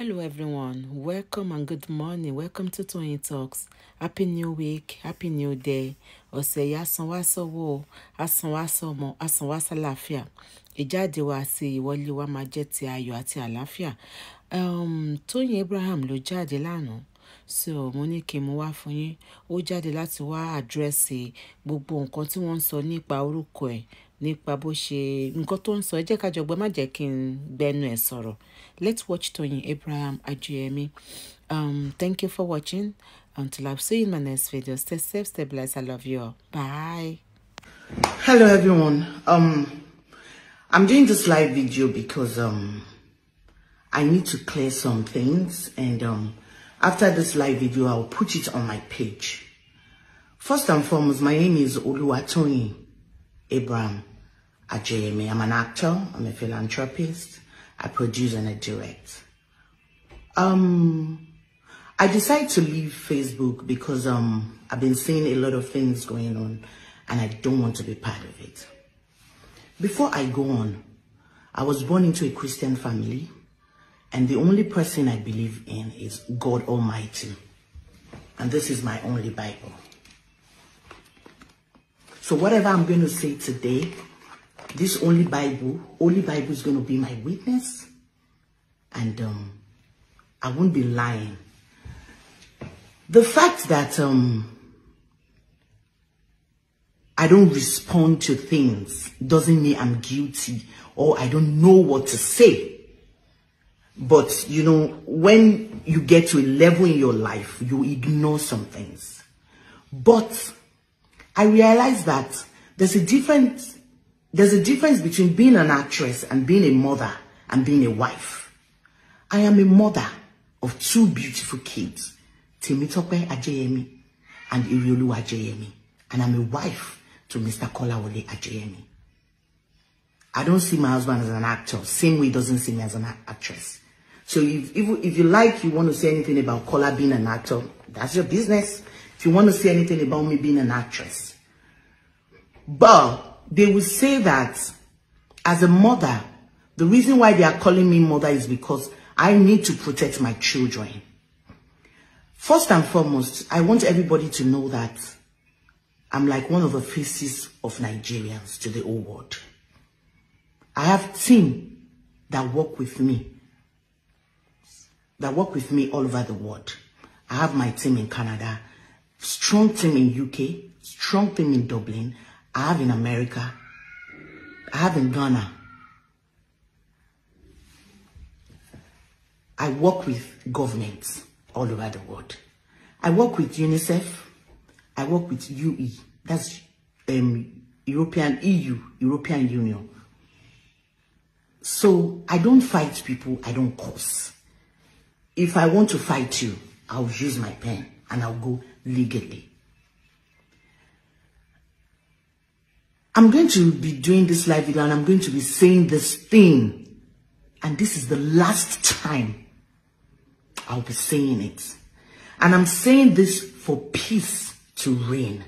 Hello, everyone. Welcome and good morning. Welcome to Tony Talks. Happy New Week. Happy New Day. Ọ̀sẹ̀ yìí asanwásọ́wọ́ asanwásọ́mọ asanwásálàáfíà. Ìjáde wa àti ìwọlé wa máa jẹ́ ti ayọ̀ àti àlàáfíà. Um, Tóyìn Abraham ló jáde lánàá. So mo ní kí n mú wá fún yín. Ó jáde láti wá àdírẹ́sì gbogbo nǹkan tí wọ́n ń sọ nípa orúkọ ẹ̀ nípa bó ṣe nǹkan tó ń sọ ẹ jẹ́ ká jọgbọ́n má jẹ́ kí n gbẹnu ẹ̀ sọ̀rọ̀ let's watch Toyin Abraham Ajuyemi um, thank you for watching until I see you in my next video stay safe stay blessed I love you all bye. hello everyone um, I'm doing this live video because um, I need to clear some things and um, after this live video I'll put it on my page. First and foremost, my name is Oluwatoyin Abraham at JMA. I'm an actor, I'm a philanthropist, I produce and I direct. Um, I decided to leave Facebook because um, I've been seeing a lot of things going on and I don't want to be part of it. Before I go on, I was born into a Christian family and the only person I believe in is God Almighty. And this is my only Bible. So whatever I'm going to say today this only Bible, only Bible is going to be my witness. And um, I won't be lying. The fact that um, I don't respond to things doesn't mean I'm guilty or I don't know what to say. But, you know, when you get to a level in your life, you ignore some things. But I realize that there's a difference there's a difference between being an actress and being a mother and being a wife. I am a mother of two beautiful kids, Temitope Ajayemi and Iriolu Ajayemi. And I'm a wife to Mr. Kolawole Ajayemi. I don't see my husband as an actor. Same way he doesn't see me as an actress. So if, if, if you like, you want to say anything about Kola being an actor, that's your business. If you want to say anything about me being an actress. But they will say that as a mother, the reason why they are calling me mother is because I need to protect my children. First and foremost, I want everybody to know that I'm like one of the faces of Nigerians to the whole world. I have team that work with me, that work with me all over the world. I have my team in Canada, strong team in UK, strong team in Dublin, I have in America. I have in Ghana. I work with governments all over the world. I work with UNICEF. I work with UE. That's um, European EU, European Union. So I don't fight people. I don't cause. If I want to fight you, I'll use my pen and I'll go legally. I'm going to be doing this live video and I'm going to be saying this thing. And this is the last time I'll be saying it. And I'm saying this for peace to reign.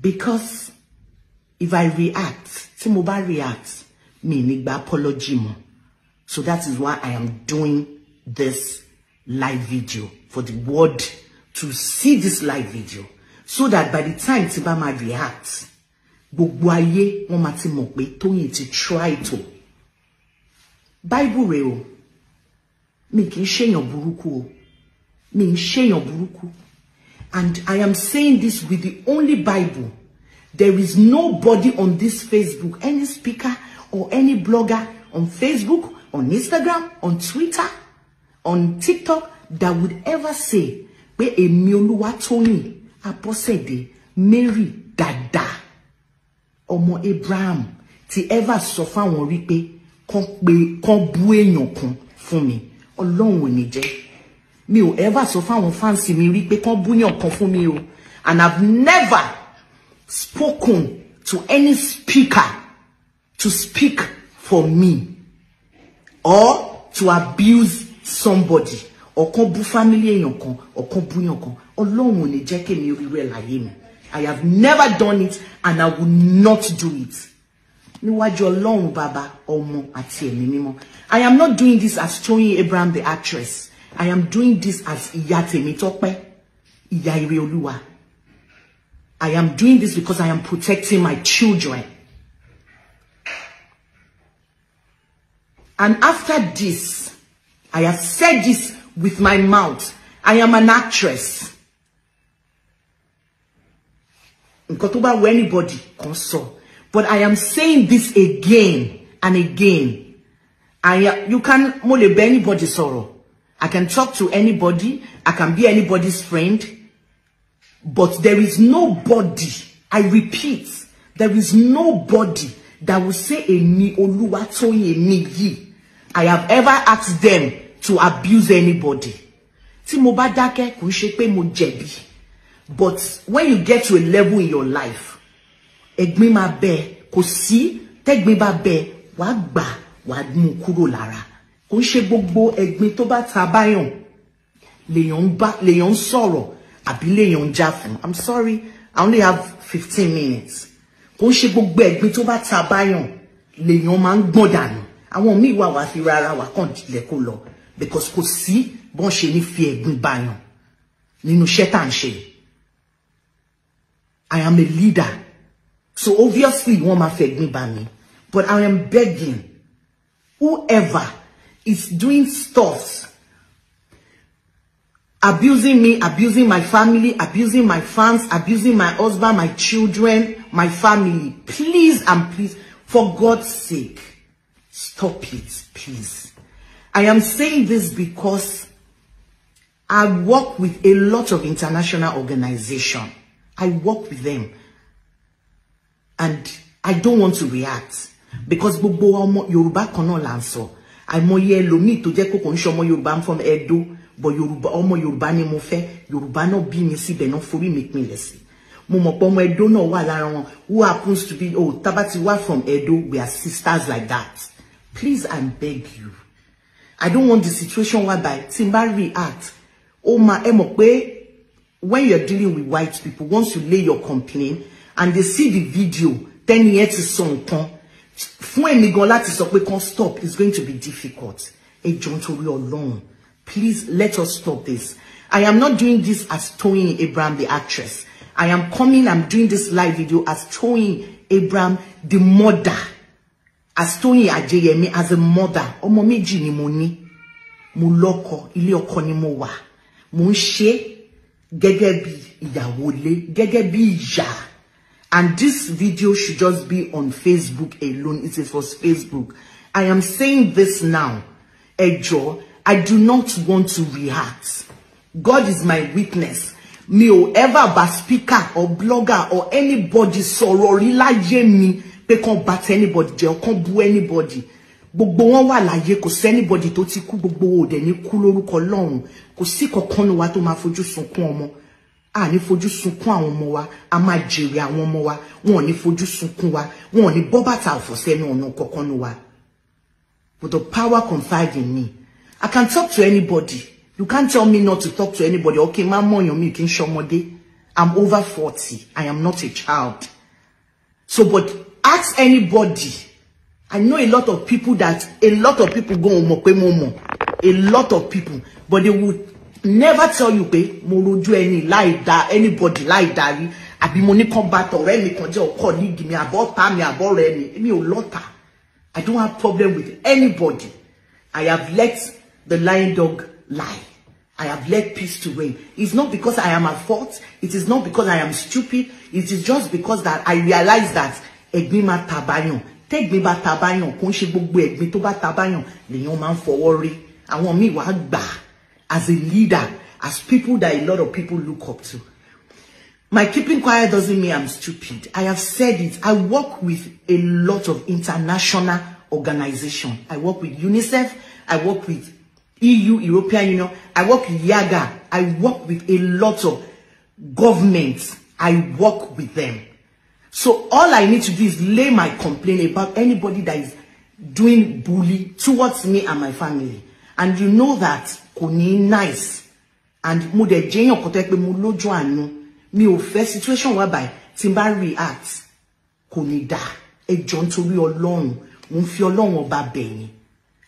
Because if I react, tí reacts, bá react, mi apology mọ́. So that is why I am doing this live video for the world to see this live video. So that by the time tí might react, gbogbo ayé wọ́n máa ti mọ̀ pé Tóyìn ti try to bible rẹ̀ o mi kì burúkú o mi ń burúkú and I am saying this with the only bible there is nobody on this Facebook any speaker or any blogger on Facebook on Instagram on Twitter on TikTok that would ever say pé èmi Olúwatóyìn de Mary dáadáa ọmọ Abraham ti ever sọ fáwọn wípé kán pé kán bú èèyàn kan fún mi ọlọ́run ò ní jẹ́ mi ò ever sọ fáwọn fáǹsì mi wípé kán búyàn kan fún mi o and I've never spoken to any speaker to speak for me or to abuse somebody ọ̀kan bú family èèyàn kan ọ̀kan búyàn kan ọlọ́run ò ní jẹ́ kémi orí rẹ̀ láyé mi. I have never done it and I will not do it. Bàbá, Ọmọ àti I am not doing this as Tony Abraham the actress. I am doing this as Ìyá Tèmítọ́pẹ́, I am doing this because I am protecting my children. And after this, I have said this with my mouth. I am an actress. nǹkan tó bá wọ anybody console, but i am saying this again and again i you can mole lè bẹ anybody sorrow. i can talk to anybody i can be anybody's friend but there is nobody i repeat there is nobody that will say a èmi Olúwatóyìn èmi yìí i have ever asked them to abuse anybody tí mo bá dákẹ́ kò ṣe pé mo jẹ̀bi. but when you get to a level in your life ẹ̀gbin máa bẹ kò sí tẹ́gbin bá bẹ wàá gbà wàá mú kúrò lára kò ṣe gbogbo ẹ̀gbin tó bá ta báyàn lèèyàn ń sọ̀rọ̀ àbí lèèyàn ń já fún i'm sorry i only have fifteen minutes kò ń ṣe gbogbo ẹ̀gbin tó bá ta báyàn lèèyàn máa ń gbọ̀n dànù àwọn míì wà wá fi rárá wà kàn tilẹ̀ kó lọ because kò sí bọ́n ṣe ní fi ẹ̀gbin báyàn nínú iṣẹ́ tá à ń ṣe yìí. I am a leader. So obviously you want affect me by me. But I am begging whoever is doing stuff, abusing me, abusing my family, abusing my fans, abusing my husband, my children, my family. Please and please, for God's sake, stop it, please. I am saying this because I work with a lot of international organizations. I work with them. And I don't want to react. Because gbogbo ọmọ Yoruba kan náà là ń sọ. Àìmọye ẹlòmíì tó jẹ́ kókò ń ṣe ọmọ Yorùbá ń fọmọ Ẹdó. But Yorùbá ọmọ Yorùbá ni mo fẹ́. Yorùbá náà bí mi síbẹ̀ náà forí mi pinlẹ̀ sí. Mo mọ̀ pé ọmọ Ẹdó náà wà lára wọn. Who happens to be oh Tabati wa from Ẹdó we are sisters like that. Please and beg you. I don't want the situation whereby tí n bá react. Ó máa ẹ mọ̀ pé when you're dealing with white people, once you lay your complaint and they see the video, then yet to song kan. Fún ẹni stop it's going to be difficult. Ẹ to we alone. Please let us stop this. I am not doing this as Toyin Abraham the actress. I am coming, I'm doing this live video as Toyin Abraham the mother. As Toyin Ajeyemi as a mother. Ọmọ méjì ni moni muloko ili loko ile oko gẹ́gẹ́ bí ìyàwó ilé gẹ́gẹ́ bí ìyá and this video should just be on Facebook alone it is for Facebook I am saying this now ẹ I do not want to react God is my witness mi ò ever bá speaker or blogger or anybody sọ̀rọ̀ rí láyé mi pé kàn bá tẹ anybody jẹ́ kàn bú anybody gbogbo wọn wà láyé kò sẹ́nibọ̀dì tó ti kú gbogbo wọn ò dẹ̀ ní kú lórúkọ lọ́hùn kò sí kankan wa tó máa fojú sunkún ọmọ a ní fojú sunkún àwọn ọmọ wa a máa jèrè àwọn ọmọ wa wọn ò ní fojú sunkún wa wọn ò ní bọ́ bàtà ọ̀fọ̀sẹ́nu ọ̀nà kankan wa but the power confide in me I can talk to anybody you can't tell me not to talk to anybody okay má mọ̀yàn mi kì í ṣọmọdé I'm over forty I am not a child so but ask anybody. I know a lot of people that a lot of people go mọ̀ pé mo a lot of people but they would never tell you pé mo any lie láì da anybody lie darí àbí mo ní kàn bá tọ̀rẹ́ mi kan jẹ́ ọkọ nídìí mi àbọ̀ ta mi abo rẹ mi mi ò lọ́tà I don't have problem with anybody I have let the lion dog lie I have let peace to reign it's not because I am at fault it is not because I am stupid it is just because that I realize that ẹ̀gbin máa tẹ́gbin bá ta báyàn ṣe gbogbo ẹ̀gbin tó bá ta báyàn lèèyàn máa ń àwọn míì wàá gbà as a leader as people that a lot of people look up to. My keeping quiet doesn't mean I'm stupid. I have said it. I work with a lot of international organizations. I work with UNICEF. I work with EU, European Union. I work with YAGA. I work with a lot of governments. I work with them. So all I need to do is lay my complaint about anybody that is doing bully towards me and my family. And you know that kò nice. And mo de jẹ́yàn kan tó yẹ pé mo lójú àánú. Mi ò fẹ́ situation whereby timba react kò da e jonto jọ̀ọ́ nítorí Ọlọ́run. Mo ń fi Ọlọ́run ọba bẹ̀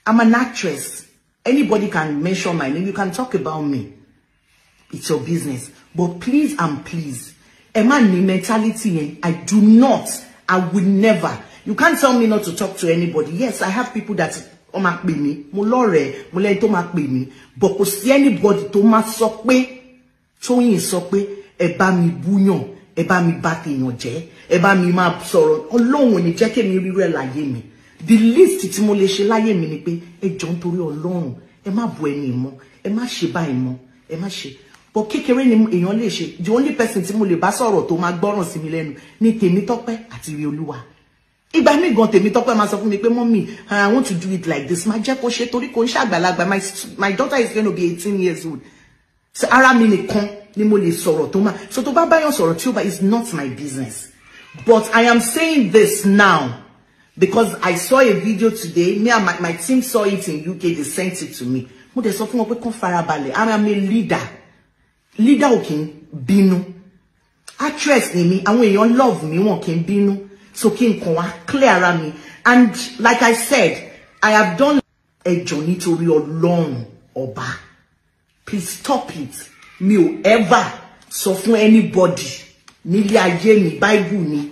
I'm an actress. Anybody can mention my name. You can talk about me. It's your business. But please and please ẹ má ní mentality yẹn i do not i will never you can't tell me not to talk to anybody yes i have people that wọ́n máa pè mí mo lọ́rẹ̀ẹ́ mo lẹ́yìn tó máa pè mí but kò sí anybody tó máa sọ pé Tóyìn sọ pé ẹ bá mi búyàn ẹ bá mi bá tèèyàn jẹ́ ẹ bá mi máa sọ̀rọ̀ ọlọ́run ò ní jẹ́ kémi rírú ẹ̀ láyé mi the least tí mo lè ṣe láyé mi ni pé ẹ jọ nítorí ọlọ́run ẹ má bu ẹni mọ́ E ma ṣe báyìí mọ́ ẹ má ṣe but kékeré ni èèyàn lè ṣe the only person tí mo lè bá sọ̀rọ̀ tó máa gbọ́ràn sí mi lẹ́nu ni Tèmítọ́pẹ́ àti ire olúwa ìgbà mi gan Tèmítọ́pẹ́ máa sọ fún mi pé mọ́mì i want to do it like this máa jẹ́ kó ṣe torí kò ń ṣàgbàlagbà my my daughter is going to be 18 years old so ara mi nìkan ni mo le sọ̀rọ̀ tó máa so to bá báyọ̀ sọ̀rọ̀ tí ó bá is not my business but i am saying this now because i saw a video today me and my, my team saw it in UK they sent it to me mo dẹ̀ sọ fún wọn pé kán farabalẹ̀ i am a leader leader ò kì í bínú actress ni mi àwọn èèyàn love mi wọn kì í so kí n kàn clear ara mi and like I said I have done ẹjọ́ nítorí Ọlọ́run Oba. please stop it mi ò ever sọ fún anybody nílé ayé mi bible ni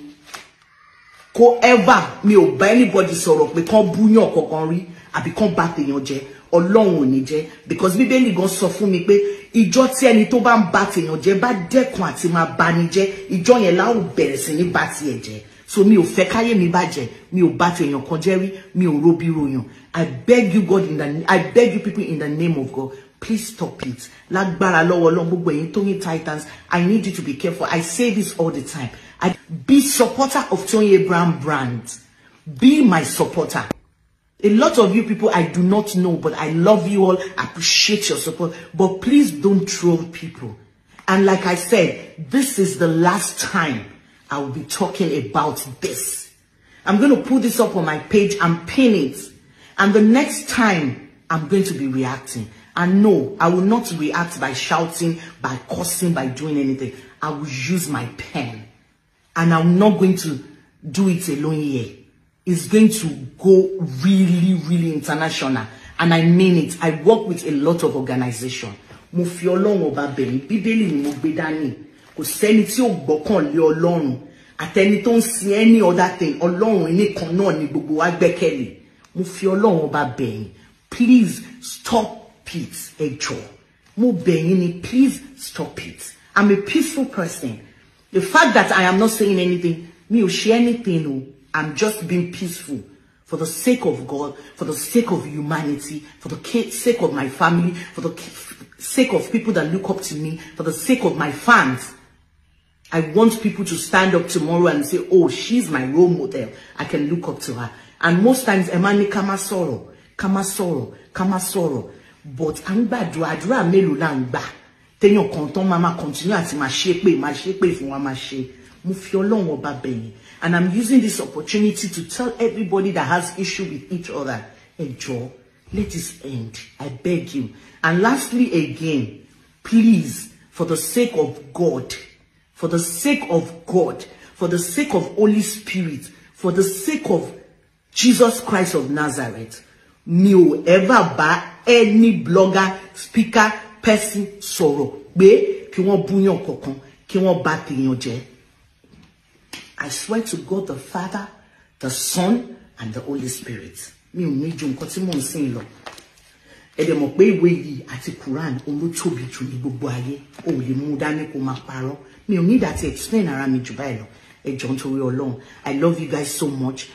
kò ever mi ò bá anybody sọ̀rọ̀ pé kán búyàn kankan rí àbí kán bà tèèyàn jẹ́ ọlọ́run ò ní jẹ́ because bíbélì gan sọ fún mi pé ìjọ tí ẹni tó bá ń ba tèèyàn jẹ́ bá dẹ́kun àti máa bani jẹ́ ìjọ yẹn láò bẹ̀rẹ̀ sí ní ba tiẹ̀ jẹ́ so mi ò fẹ́ káyé mi bàjẹ́ mi ò bá tèèyàn kan jẹ́ rí mi ò robi royàn I beg you God in the I beg you people in the name of God please stop it lágbára lọ́wọ́ ọlọ́run gbogbo ẹ̀yin Tóyìn Titans I need you to be careful I say this all the time I be supporter of Tony Abraham brand be my supporter. A lot of you people I do not know, but I love you all. appreciate your support. But please don't troll people. And like I said, this is the last time I will be talking about this. I'm going to put this up on my page and pin it. And the next time I'm going to be reacting. And no, I will not react by shouting, by cursing, by doing anything. I will use my pen. And I'm not going to do it alone here is going to go really, really international. And I mean it. I work with a lot of organization. Mo fi Ọlọ́run ọba bẹ̀rẹ̀ Bíbélì ni mo gbé dání. Kò sẹ́ni tí ò Àtẹni tó ń any other thing. Ọlọ́run ni náà ni gbogbo wa gbẹ́kẹ̀lé. Mo ọba bẹ̀yìn. Please stop it, ẹ Mu Mo bẹ̀yìn please stop it. I'm a peaceful person. The fact that I am not saying anything, me ò ṣe anything I'm just being peaceful for the sake of God, for the sake of humanity, for the sake of my family, for the sake of people that look up to me, for the sake of my fans. I want people to stand up tomorrow and say, oh, she's my role model. I can look up to her. And most times, Emani Kamasoro, Kamasoro, Kamasoro. But Angba Duadra Melula Angba. Tenyo Konton Mama continue àti máa ṣépè, máa ṣépè Mufiolongo Babeni. And I'm using this opportunity to tell everybody that has issue with each other, enjoy, let this end. I beg you. And lastly, again, please, for the sake of God, for the sake of God, for the sake of Holy Spirit, for the sake of Jesus Christ of Nazareth, me ever by any blogger, speaker, person sorrow. Be, kí wọ́n búyàn kokon, kí wọ́n in your jẹ́. I swear to God the Father, the Son, and the Holy Spirit. Mi ò ní ju nǹkan tí mò ń sìn lọ. Ẹ dẹ̀ mọ̀ pé ìwé yìí àti Quran òun ló tóbi jù ní gbogbo ayé. O ò lè mú dání kó máa parọ́. Mi ò ní ìdá ti explain ara mi jù báyìí lọ. Ẹ jọ̀ọ́ nítorí Ọlọ́run. I love you guys so much.